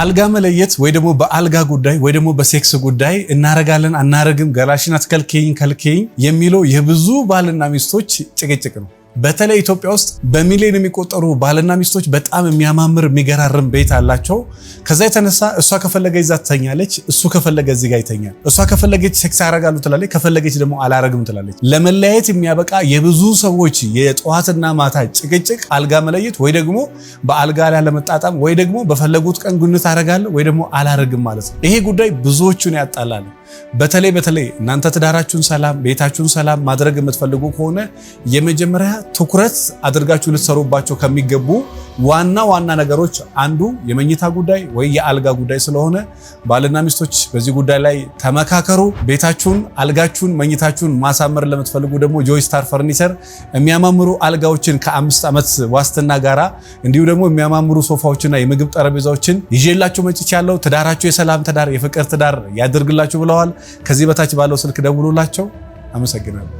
አልጋ መለየት ወይ ደግሞ በአልጋ ጉዳይ ወይ ደግሞ በሴክስ ጉዳይ እናረጋለን አናረግም፣ ገላሽን አትከልክይኝ ከልክይኝ የሚለው የብዙ ባልና ሚስቶች ጭቅጭቅ ነው። በተለይ ኢትዮጵያ ውስጥ በሚሊዮን የሚቆጠሩ ባልና ሚስቶች በጣም የሚያማምር የሚገራርም ቤት አላቸው። ከዛ የተነሳ እሷ ከፈለገ ይዛ ትተኛለች፣ እሱ ከፈለገ እዚህ ጋር ይተኛል። እሷ ከፈለገች ሴክስ ያረጋሉ ትላለች፣ ከፈለገች ደግሞ አላረግም ትላለች። ለመለያየት የሚያበቃ የብዙ ሰዎች የጠዋትና ማታ ጭቅጭቅ፣ አልጋ መለየት ወይ ደግሞ በአልጋ ላይ ለመጣጣም ወይ ደግሞ በፈለጉት ቀን ግንኙነት አደርጋለሁ ወይ ደግሞ አላረግም ማለት ነው። ይሄ ጉዳይ ብዙዎቹን ያጣላል። በተለይ በተለይ እናንተ ትዳራችሁን ሰላም፣ ቤታችሁን ሰላም ማድረግ የምትፈልጉ ከሆነ የመጀመሪያ ትኩረት አድርጋችሁ ልትሰሩባቸው ከሚገቡ ዋና ዋና ነገሮች አንዱ የመኝታ ጉዳይ ወይ የአልጋ ጉዳይ ስለሆነ ባልና ሚስቶች በዚህ ጉዳይ ላይ ተመካከሩ። ቤታችሁን፣ አልጋችሁን፣ መኝታችሁን ማሳመር ለምትፈልጉ ደግሞ ጆይስታር ፈርኒቸር የሚያማምሩ አልጋዎችን ከአምስት ዓመት ዋስትና ጋራ እንዲሁ ደግሞ የሚያማምሩ ሶፋዎችና የምግብ ጠረጴዛዎችን ይዤላችሁ መጭች ያለው ትዳራችሁ የሰላም ትዳር የፍቅር ትዳር ያደርግላችሁ ብለዋል። ከዚህ በታች ባለው ስልክ ደውሉላቸው። አመሰግናለሁ።